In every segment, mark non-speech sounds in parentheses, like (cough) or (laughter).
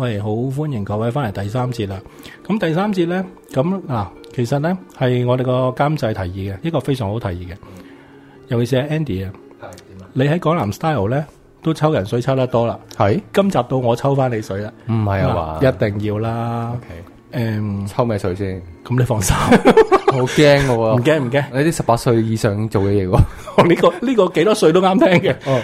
喂，好歡迎各位翻嚟第三節啦。咁第三節咧，咁嗱，其實咧係我哋個監製提議嘅，一個非常好提議嘅。尤其是 Andy 啊，你喺港南 style 咧都抽人水抽得多啦。係，今集到我抽翻你水啦。唔係啊嘛，一定要啦。誒，抽咩水先？咁你放心，我驚嘅喎。唔驚唔驚，你啲十八歲以上做嘅嘢喎。我呢個呢個幾多歲都啱聽嘅。哦，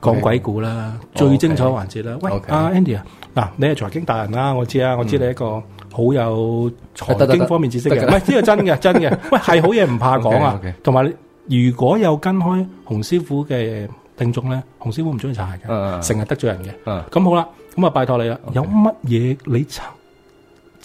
講鬼故啦，最精彩環節啦。喂，Andy 啊。嗱，你係財經大人啦，我知啊，我知你一個好有財經方面的知識嘅，唔係呢個真嘅，真嘅，喂係好嘢，唔怕講啊，同埋如果有跟開洪師傅嘅聽眾咧，洪師傅唔中意查嘅，成日得罪人嘅，咁、嗯啊、好啦，咁啊拜託你啦，有乜嘢你自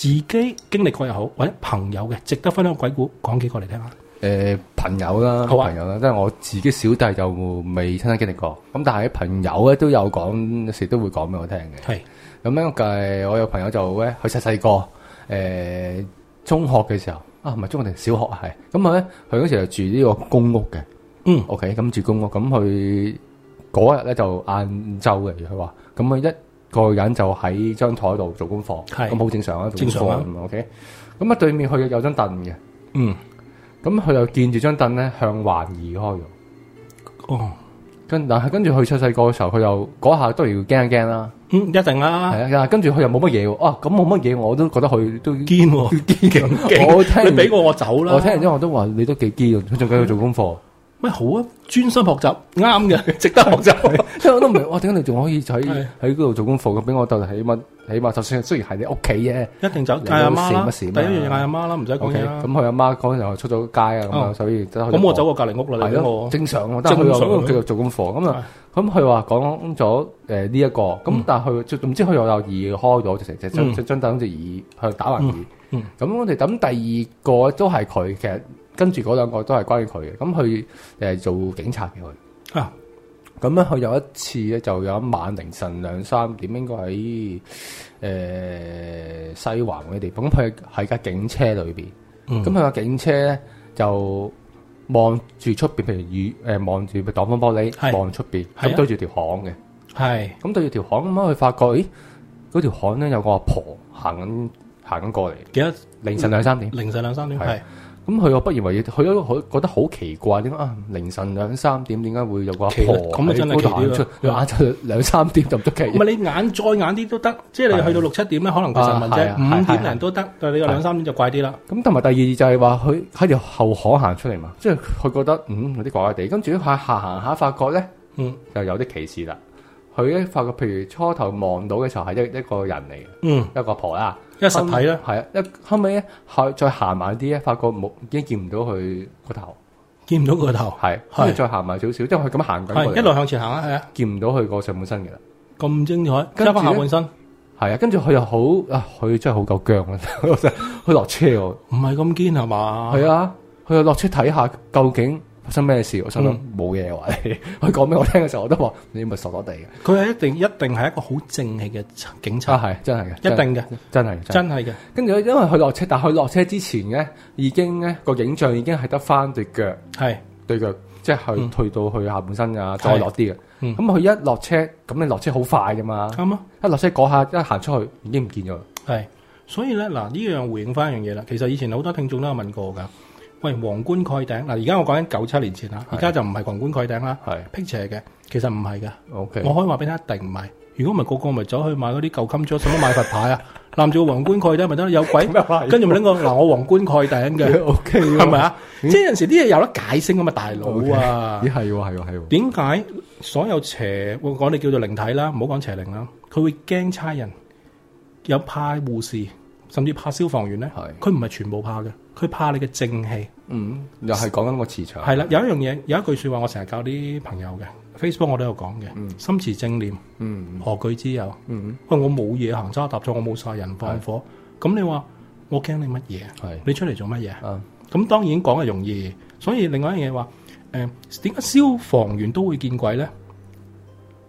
己經歷過又好，或者朋友嘅值得分享鬼故，講幾個嚟聽下。誒，朋友啦，好朋友啦，即係、啊、我自己小弟就未親身經歷過，咁但係朋友咧都有講，有時都會講俾我聽嘅，係。咁樣計，我有朋友就咧，佢細細個，誒、呃、中學嘅時候，啊唔係中學定小學係係，咁佢咧，佢嗰時就住呢個公屋嘅，嗯，OK，咁住公屋，咁佢嗰日咧就晏晝嚟，佢話，咁佢一個人就喺張枱度做功課，咁好是正常啊，做功課正常、啊、OK，咁啊對面佢有張凳嘅，嗯，咁佢就見住張凳咧向環移開咗。哦。跟住佢出世個嘅時候，佢又嗰下都係要驚一驚啦。嗯，一定啦。係啊。啊，跟住佢又冇乜嘢喎。啊，咁冇乜嘢，我都覺得佢都堅喎。堅勁，我聽俾過我，我走啦。我聽完之後我都話你都幾堅，佢仲繼續做功課。咩好啊？專心學習啱嘅，值得學習。我都唔明，我點解你仲可以喺喺嗰度做功課俾我逗，起碼起碼，就算雖然係你屋企嘅，一定走嗌阿媽啦。第一樣嗌阿媽啦，唔使講嘢，咁佢阿媽嗰陣時候出咗街啊，咁所以咁我走過隔籬屋啦。係咯，正常啊，正常。繼續做功課咁啊，咁佢話講咗誒呢一個，咁但係佢唔知佢又有二開咗，就成隻將等耳去打橫耳。咁我哋等第二個都係佢，跟住嗰兩個都係關於佢嘅，咁佢誒做警察嘅佢啊，咁咧佢有一次咧就有一晚凌晨兩三點應該喺誒、呃、西環嗰啲地方，咁佢喺架警車裏邊，咁佢架警車咧就望住出邊，譬如雨誒望住咪擋風玻璃望出邊，咁對住條巷嘅，係咁對住條巷咁啊，佢發覺咦，嗰條巷咧有個阿婆行緊行緊過嚟，記得凌晨兩三點，凌晨兩三點係。是咁佢又不以為意，佢都覺得好奇怪，點解啊！凌晨兩三點，點解會有個阿婆咁嗰真行出？晏晝兩三點就唔得奇。唔係你晏再晏啲都得，即係的你去到六七點咧，可能佢晨運啫。五點人都得，但係你個兩三點就怪啲啦。咁同埋第二就係、是、話，佢喺條後巷行出嚟嘛，即係佢覺得嗯有啲怪怪地。跟住佢下行下，發覺咧，嗯就有啲歧視啦。佢咧發覺，譬如初頭望到嘅時候係一一個人嚟嘅，嗯一個婆啦。一實體咧，係啊，一後尾咧，再再行埋啲咧，發覺冇，已經見唔到佢個頭，見唔到佢個頭，係，跟住再行埋少少，即係佢咁樣行緊，一路向前行啊，係啊，見唔到佢個上半身嘅啦，咁精彩，跟翻下半身，係啊，跟住佢又好啊，佢真係好夠薑 (laughs) 啊，佢落車喎，唔係咁堅係嘛，係啊，佢又落車睇下究竟。發生咩事？我心諗冇嘢話，佢講俾我聽嘅時候，我都話你咪傻落地嘅。佢係一定一定係一個好正氣嘅警察。啊，係真係嘅，一定嘅，真係真係嘅。跟住因為佢落車，但係佢落車之前咧，已經咧個影像已經係得翻對腳，係對腳，即係退退到去下半身啊，再落啲嘅。咁佢一落車，咁你落車好快噶嘛？啱啊，一落車嗰下，一行出去已經唔見咗。係，所以咧嗱，呢樣回應翻一樣嘢啦。其實以前好多聽眾都有問過噶。喂，皇冠蓋頂嗱，而家我講緊九七年前啦，而家就唔係皇冠蓋頂啦，係的辟邪嘅，其實唔係嘅。O Okay K，我可以話俾你，一定唔係。如果唔係個個咪走去買嗰啲舊襟珠，使乜 (laughs) 買佛牌啊？攬住個皇冠蓋頂咪得？有鬼？ (laughs) 跟住咪拎個嗱，我皇冠蓋頂嘅，o k 係咪啊？ (laughs) 嗯、即係有時啲嘢有得解釋噶嘛，大佬啊！咦係喎，係、哎、喎，係喎。點解所有邪我講你叫做靈體啦，唔好講邪靈啦，佢會驚差人，有派護士。甚至怕消防員咧，佢唔係全部怕嘅，佢怕你嘅正氣。嗯，又係講緊個磁場。係啦，有一樣嘢，有一句說話，我成日教啲朋友嘅，Facebook 我都有講嘅，嗯、心持正念，嗯嗯、何懼之有？喂、嗯嗯，我冇嘢行差踏錯，我冇殺人放火，咁是你話我驚你乜嘢？是你出嚟做乜嘢？咁、嗯、當然講係容易，所以另外一樣嘢話，誒、呃，點解消防員都會見鬼咧？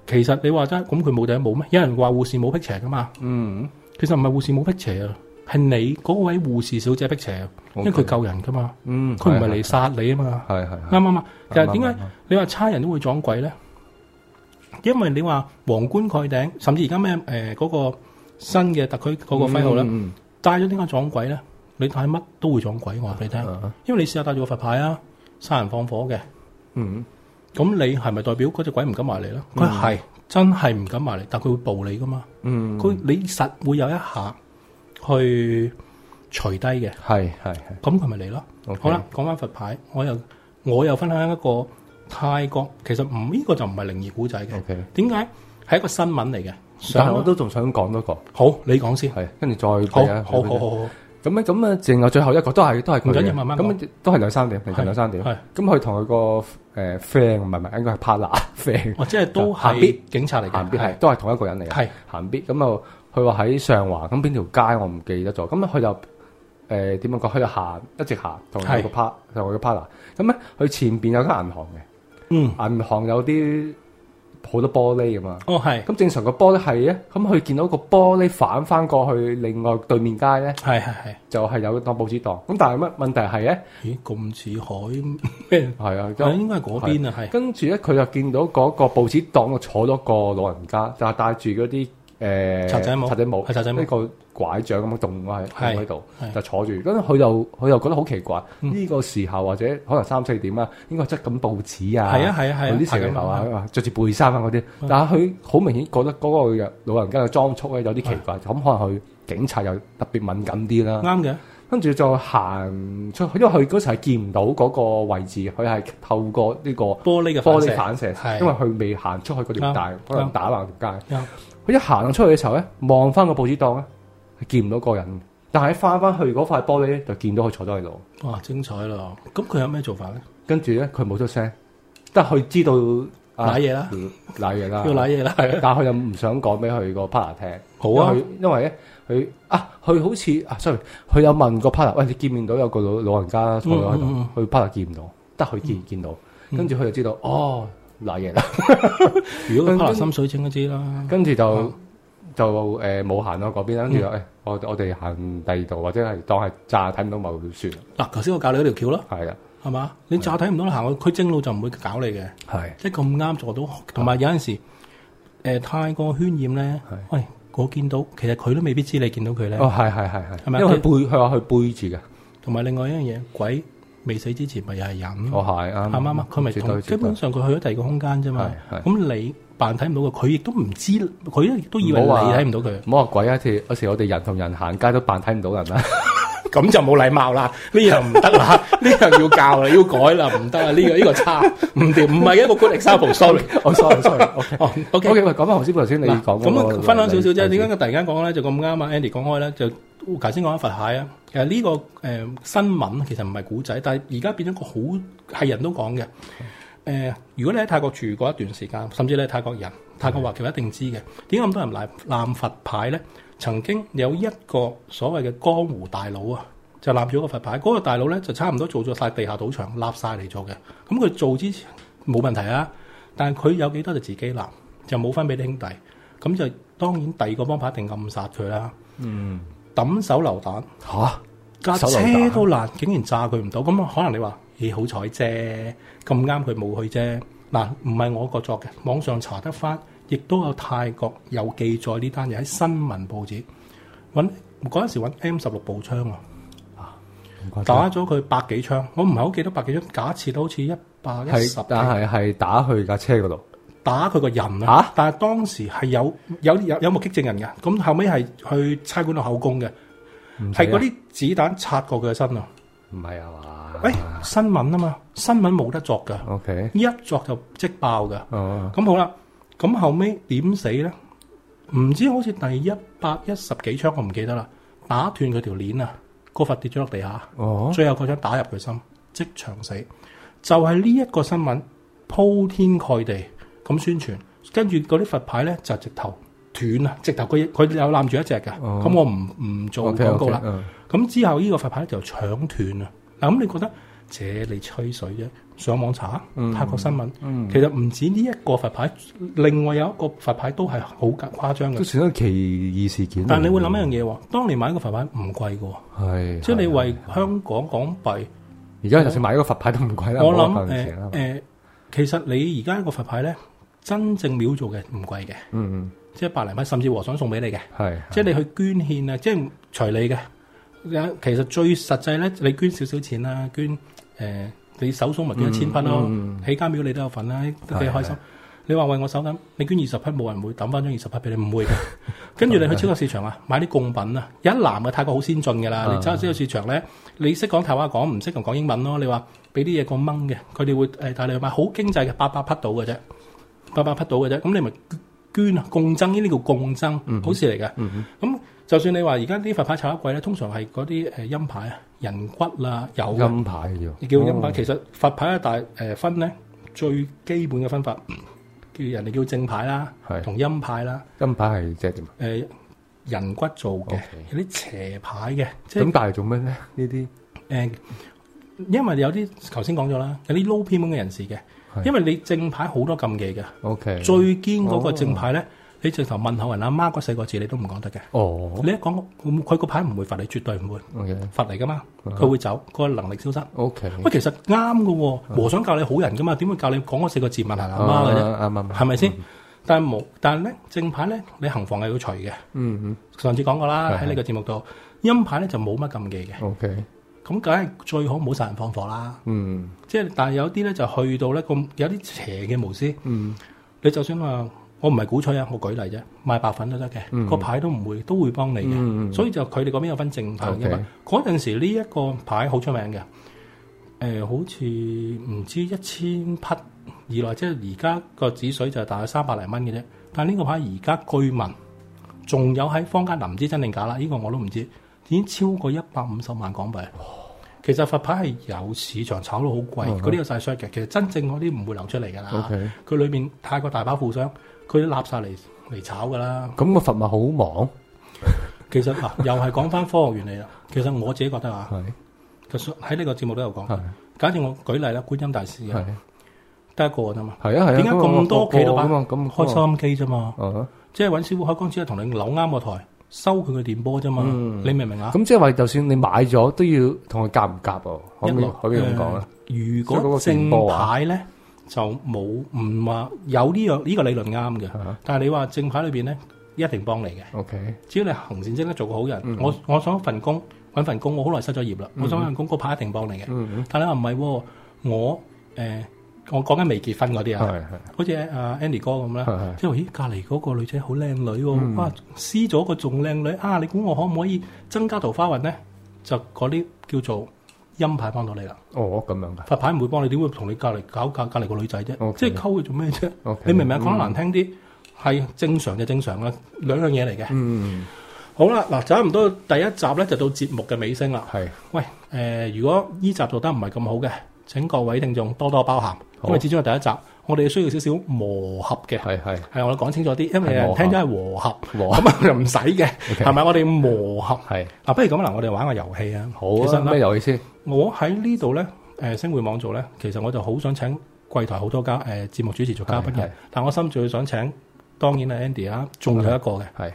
其實你話齋，咁佢冇定冇咩？有人話護士冇辟邪噶嘛？嗯，其實唔係護士冇辟邪啊。係你嗰位護士小姐辟邪，因為佢救人噶嘛，佢唔係嚟殺你啊嘛，啱唔啱啊？其實點解你話差人都會撞鬼咧？因為你話皇冠蓋頂，甚至而家咩誒嗰個新嘅特區嗰個徽號咧，戴咗點解撞鬼咧？你睇乜都會撞鬼，我話俾你聽，因為你試下戴住個佛牌啊，殺人放火嘅，嗯，咁你係咪代表嗰隻鬼唔敢埋嚟咧？佢係真係唔敢埋嚟，但佢會暴你噶嘛，佢你實會有一下。去除低嘅，係係係，咁佢咪嚟咯？好啦，講翻佛牌，我又我又分享一個泰國，其實唔呢個就唔係靈異古仔嘅。點解？係一個新聞嚟嘅。但係我都仲想講多個。好，你講先，跟住再講。好好好好。咁咧，咁啊，剩係最後一個都係都係。唔準廿萬咁都係兩三點，凌晨兩三點。係。咁佢同佢個誒 friend 唔係唔係，應該係 partner friend。哦，即係都係警察嚟嘅。行必係都係同一個人嚟嘅。係。行必咁啊！佢話喺上環，咁邊條街我唔記得咗。咁佢就誒點、呃、樣講？佢就行，一直行，同我個 partner 同個 partner 是。咁咧佢前邊有間銀行嘅，嗯，銀行有啲好多玻璃咁嘛。哦，係。咁正常個玻璃係咧，咁佢見到個玻璃反翻過去另外對面街咧，係係係，就係有檔報紙檔。咁但係乜問題係咧？咦，咁似海咩？係 (laughs) (laughs) 啊，應該係嗰邊啊。係。跟住咧，佢就見到嗰個報紙檔度坐咗個老人家，就帶住嗰啲。誒，擦仔冇，擦仔冇，呢個拐杖咁樣動喺喺度，就坐住。咁佢又佢又覺得好奇怪。呢個時候或者可能三四點啊，應該執緊報紙啊，係啊係啊係，嗰啲啊，着住背衫啊嗰啲。但係佢好明顯覺得嗰個老人家嘅裝束咧有啲奇怪。咁可能佢警察又特別敏感啲啦。啱嘅。跟住就行出去，因為佢嗰時係見唔到嗰個位置，佢係透過呢個玻璃嘅玻璃反射，因為佢未行出去嗰條大，打橫條街。佢一行出去嘅時候咧，望翻個報紙檔咧，係見唔到個人。但係翻翻去嗰塊玻璃咧，就見到佢坐咗喺度。哇，精彩咯！咁佢有咩做法咧？跟住咧，佢冇出聲，得佢知道瀨嘢啦，瀨嘢啦，要瀨嘢啦，但係佢又唔想講俾佢個 partner 聽。好啊，啊因為咧，佢啊，佢好似啊，sorry，佢有問個 partner 喂，你見唔見到有個老老人家坐喺度，佢 partner、嗯、見唔到，得佢見、嗯、見到，跟住佢就知道、嗯、哦。瀨嘢啦，如果佢可能心水清都知啦，跟住就就誒冇行到嗰邊，跟住誒我我哋行第二度，或者係當係乍睇唔到咪算。嗱，頭先我教你嗰條橋咯，係啊，係嘛？你乍睇唔到行去區正路就唔會搞你嘅，係即係咁啱坐到，同埋有陣時誒太過渲染咧。喂，我見到其實佢都未必知你見到佢咧。哦，係係係係，因為佢背佢話佢背住嘅，同埋另外一樣嘢鬼。未死之前咪又係人，啱唔啱啊？佢咪同，基本上佢去咗第二個空間啫嘛。咁你扮睇唔到佢，佢亦都唔知，佢亦都以為你睇唔到佢。唔好話鬼啊！嗰時我哋人同人行街都扮睇唔到人啦，咁就冇禮貌啦。呢樣唔得啦，呢樣要教啦，要改啦，唔得啦，呢個呢個差，唔掂，唔係一個 good example。Sorry，sorry sorry。OK，OK，喂，講翻洪師傅頭先你講嗰個。咁分享少少啫，點解佢突然間講咧就咁啱啊？Andy 講開咧就。頭先講緊佛牌啊，其實呢、個誒、呃、新聞其實唔係古仔，但係而家變咗個好係人都講嘅誒。如果你喺泰國住過一段時間，甚至你係泰國人、泰國華僑一定知嘅，點解咁多人攬攬佛牌咧。曾經有一個所謂嘅江湖大佬啊，就攬咗一個佛牌，嗰、嗰個大佬咧就差唔多做咗晒地下賭場，攬晒嚟做嘅。咁佢做之前冇問題啊，但係佢有幾多就自己攬，就冇分俾啲兄弟，咁就當然第二個幫派一定暗殺佢啦。嗯。抌手榴彈嚇架蛤車都爛，竟然炸佢唔到，咁可能你話咦好彩啫，咁啱佢冇去啫。嗱，唔係我個作嘅，網上查得翻，亦都有泰國有記載呢單嘢喺新聞報紙揾，嗰陣時揾 M 十六步槍啊，啊打咗佢百幾槍，我唔係好記得百幾槍，假設都好似一百一十，但係係打去架車嗰度。打佢個人啦，但係當時係有有有有目擊證人嘅，咁後尾係去差館度口供嘅，係嗰啲子彈擦過佢嘅身啊，唔係啊嘛？誒新聞啊嘛，新聞冇得作噶，OK，一作就即爆噶，哦，咁好啦，咁後尾點死咧？唔知好似第一百一十幾槍，我唔記得啦，打斷佢條鏈啊，個佛跌咗落地下，哦，最後嗰槍打入佢心，即場死，就係呢一個新聞，鋪天蓋地。咁宣傳，跟住嗰啲佛牌咧就直頭斷啦，直頭佢佢有攬住一隻㗎。咁、嗯、我唔唔做廣告啦。咁、嗯嗯嗯、之後呢個佛牌就搶斷啊！嗱，咁你覺得？這你吹水啫，上網查泰國新聞，嗯嗯、其實唔止呢一個佛牌，另外有一個佛牌都係好誇張嘅。都算一個奇異事件。但你會諗一樣嘢喎，當年買一個佛牌唔貴嘅喎，即係你為香港港幣。而家就算買一個佛牌都唔貴啦。我諗其實你而家誒誒、一個佛牌咧。我真正廟做嘅唔貴嘅，嗯嗯，即係百零蚊，甚至和尚送俾你嘅，係、嗯嗯、即係你去捐獻啊，是的即係隨你嘅。其實最實際咧，你捐少少，少錢啦、啊，捐誒、呃、你手鬆咪捐一、嗯嗯、千匹咯、啊，起間廟你都有份啦、啊，都幾、嗯嗯、開心。的你話為我手緊，你捐二十匹冇人會抌翻張二十匹俾你，唔會嘅。跟住 (laughs) 你去超級市場啊，買啲供品啊。有一男嘅泰國好先進嘅啦，的你走去超級市場咧，你識講泰話講唔識同講英文咯。你話俾啲嘢個掹嘅，佢哋會誒帶你去買好經濟嘅，八百匹到嘅啫。八百匹到嘅啫，咁你咪捐啊！共爭呢啲叫共爭，嗯、哼好事嚟嘅。咁、嗯、哼就算你話而家啲佛牌炒一季咧，通常係嗰啲陰牌、人骨啊、有。陰牌嘅叫。你叫陰牌，哦、其實佛牌咧、呃，分咧最基本嘅分法，叫人哋叫正牌啦，同的陰牌啦。陰牌係即係點、呃、人骨做嘅，Okay 有啲邪牌嘅。咁但係做咩咧？呢啲、呃、因為有啲頭先講咗啦，有啲撈偏門嘅人士嘅。因為你正牌好多禁忌嘅，最堅嗰個正牌咧，你直頭問候人阿媽嗰四個字你都唔講得嘅。哦，你一講佢個牌唔會罰你，絕對唔會罰你噶嘛，佢會走，佢個能力消失。O K，喂，其實啱㗎喎，和尚教你好人噶嘛，點會教你講嗰四個字問下阿媽嘅啫，係咪先？但係，無但係咧，正牌咧，你行房係要除嘅。嗯嗯，上次講過啦，喺呢個節目度，陰牌咧就冇乜禁忌嘅。O K。咁梗係最好唔好殺人放火啦。嗯，即係但係有啲咧就去到咧咁有啲邪嘅巫師。嗯，你就算話我唔係鼓吹啊，我舉例啫，賣白粉都得嘅，嗯、個牌都唔會都會幫你嘅。嗯、所以就佢哋嗰邊有分正牌嘅嘛。因為嗰陣時呢一個牌好出名嘅，呃，好似唔知一千匹以，來即係而家個止水就大約三百零蚊嘅啫。但呢個牌而家據聞，仲有喺坊間嘞，唔知真定假啦？呢、呢個我都唔知。已經超過一百五十萬港幣了。其實佛牌係有市場炒到好貴，嗰啲、uh huh. 有晒衰嘅。其實真正嗰啲唔會流出嚟㗎啦。佢裏 Okay. 面泰國大把富商，佢都攬曬嚟嚟炒㗎啦。咁個佛物好忙？ (laughs) 其實啊，又係講翻科學原理啦。其實我自己覺得啊，係，就喺呢個節目都有講。 (laughs) 是假設我舉例啦，觀音大師係得一個㗎嘛。係啊係啊，點解咁多幾多把開收音機啫嘛？ (laughs) 嗯、即係揾師傅開光之後，同你扭啱個台。收佢嘅電波啫嘛，嗯、你明唔明啊？咁即係話，就算你買咗，都要同佢夾唔夾哦？可唔六可以咁講咧？如果正牌咧，啊、就冇唔話有呢樣呢個理論啱嘅。啊、哈但係你話正牌裏邊咧，一定幫你嘅。O K，只要你行善積德，做個好人。嗯嗯，我我想份工，搵份工，我好耐失咗業啦。我想份工，個牌、嗯嗯、一定幫你嘅。嗯嗯，但係你話唔係喎，我誒。呃我講緊未結婚嗰啲啊，好似阿 Andy 哥咁啦，即係咦隔離嗰個女仔好靚女喎，哇！撕咗個仲靚女啊！你估我可唔可以增加桃花運咧？就嗰啲叫做陰牌幫到你啦。哦，咁樣噶，佛牌唔會幫你，點會同你隔離搞隔隔離個女仔啫？Okay，即係溝佢做咩啫？Okay，你明唔明？講、嗯、得難聽啲，係正常就正常啦，兩樣嘢嚟嘅。嗯，好啦，嗱，差唔多第一集咧就到節目嘅尾聲啦。係，喂、呃，如果依集做得唔係咁好嘅，請各位聽眾多多包涵。因為始終係第一集，我哋需要少少磨合嘅。係係係，我講清楚啲，因為聽咗係磨合，磨啊又唔使嘅，係咪？我哋磨合係。嗱，不如咁啦，我哋玩個遊戲啊！好啦，咩遊戲先？我喺呢度咧，誒星匯網做咧，其實我就好想請櫃台好多家誒節目主持做嘉賓嘅，但我心最想請，當然係 Andy 啦，仲有一個嘅，係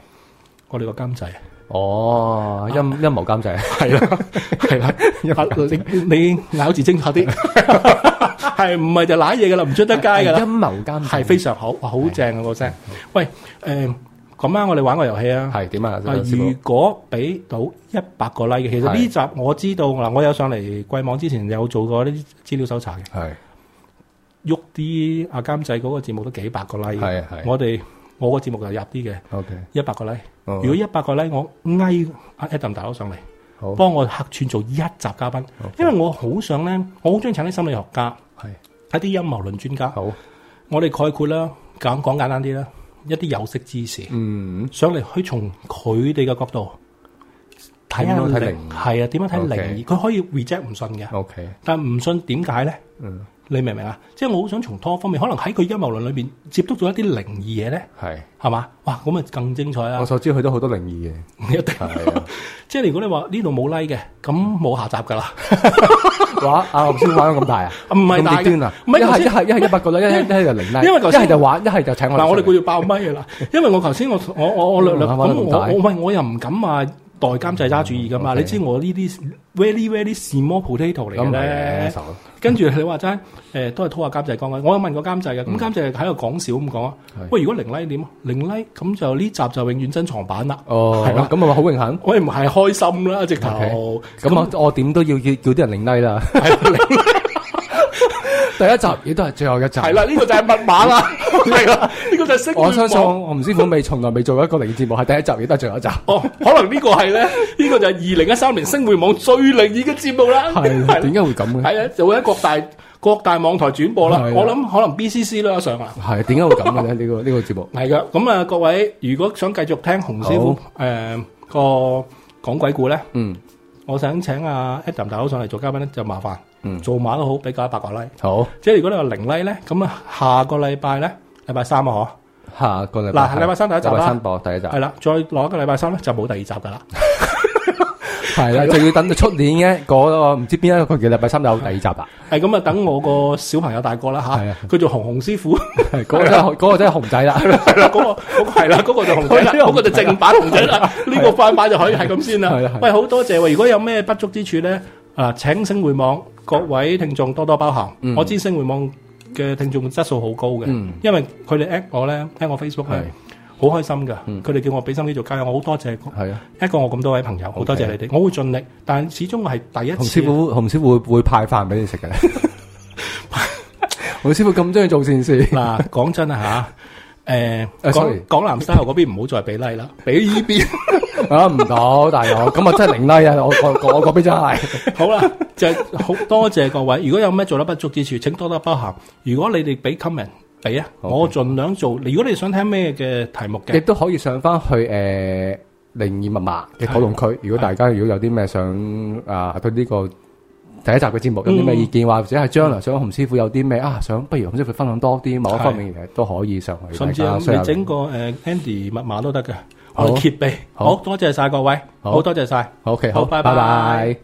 我哋個監製。哦，陰陰謀監製係啦，係啦，你你咬字精確啲，係唔係就瀨嘢㗎喇，唔出得街㗎喇，陰謀監製係非常好，好正啊個聲。喂，誒，咁啊，我哋玩個遊戲啊，係點啊？啊，如果俾到一百個 like，其實呢集我知道嗱，我有上嚟貴網之前有做過呢啲資料搜查嘅，係喐啲阿監製嗰個節目都幾百個 like，係係，我哋我個節目就入啲嘅，OK，一百個 like。如果一百個咧，我嗌一啖大佬上嚟，幫好我客串做一集嘉賓，好因為我好想咧，我好中意請啲心理學家，是一啲陰謀論專家，好我哋概括啦，講講簡單啲啦，一啲有識之士，嗯、上嚟去從佢哋嘅角度睇下靈系零啊，點樣睇靈？佢 Okay, 可以 reject 唔信嘅，okay, 但唔信點解咧？嗯你明唔明啊？即係我好想從多方面，可能喺佢陰謀論裏邊接觸咗一啲靈異嘢咧。係，係嘛？哇！咁咪更精彩啊！我所知去都好多靈異嘢，一定係啊！即係如果你話呢度冇 like 嘅，咁冇下集噶啦。哇！阿林超玩得咁大啊？唔係咁極端啊？唔係一係一係一係一百個啦，一係一係就零 like。因為頭先一係就玩，一係就請我。嗱，我哋要爆咪麥啦！因為我頭先我我我我略略咁我我我又唔敢啊！代監製揸主意噶嘛？你知我呢啲 very very small potato 嚟嘅咧，跟住你話齋誒都係拖下監製講啊！我有問過監製嘅，咁監製喺度講笑咁講啊！喂，如果零 like 點啊？零 like 咁就呢集就永遠珍藏版啦！哦，係啦，咁啊好榮幸，我亦唔係開心啦，直頭咁我我點都要叫叫啲人零 like 啦。第一集亦都係最後一集，係啦，呢個就係密碼啦，係啦，呢個就係星。我相信我洪師傅未，從來未做過一個靈異節目，係第一集亦都係最後一集。哦，可能呢個係咧，呢個就係二零一三年星匯網最靈異嘅節目啦。係，點解會咁嘅？係啊，就會喺各大各大網台轉播啦。我諗可能 BCC 都啦，上啊。係，點解會咁嘅咧？呢個呢個節目。係嘅，咁啊，各位如果想繼續聽洪師傅誒個講鬼故咧，嗯。我想請阿 Adam 大佬上嚟做嘉賓咧，就麻煩，做馬都好，俾夠一百個 like。好，即係如果你話零 like 咧，咁啊，下個禮拜咧，禮拜三啊，嗬，下個禮拜嗱禮拜三第一集啦，禮拜三播第一集，係啦，再落一個禮拜三咧就冇第二集噶啦。係啦，就要等到出年嘅嗰個唔知邊一個幾禮拜三有第二集啊！係咁啊，等我個小朋友大個啦吓，佢做紅紅師傅，嗰個嗰個真係紅仔啦，係啦，嗰個係啦，嗰個就紅仔啦，嗰個就正版紅仔啦，呢個翻版就可以係咁先啦。喂，好多謝喎！如果有咩不足之處咧，啊，請星回網各位聽眾多多包涵，我知星回網嘅聽眾質素好高嘅，因為佢哋 at 我咧，at 我 Facebook 咧。好開心噶，佢哋叫我俾心機做交友，我好多謝。係啊，一個我咁多位朋友，好多謝你哋，我會盡力。但係始終我係第一次。洪師傅，洪師傅會派飯俾你食嘅。洪師傅咁中意做善事。嗱，講真啊吓，誒，sorry，講南西後嗰邊唔好再俾拉啦，俾呢邊。啊，唔好，大佬，咁啊真係零拉啊，我我我嗰邊真係。好啦，就係好多謝各位，如果有咩做得不足之處，請多多包涵。如果你哋俾 comment。係啊，我盡量做。如果你想聽咩嘅題目嘅，亦都可以上翻去誒靈異密碼嘅討論區。如果大家如果有啲咩想啊對呢個第一集嘅節目有啲咩意見，話或者係將來想洪師傅有啲咩啊，想不如洪師傅分享多啲某一方面嘅嘢，都可以上去。甚至你整個誒 Andy 密碼都得嘅，我揭秘。好，多謝晒各位，好多謝晒。OK，好，拜拜。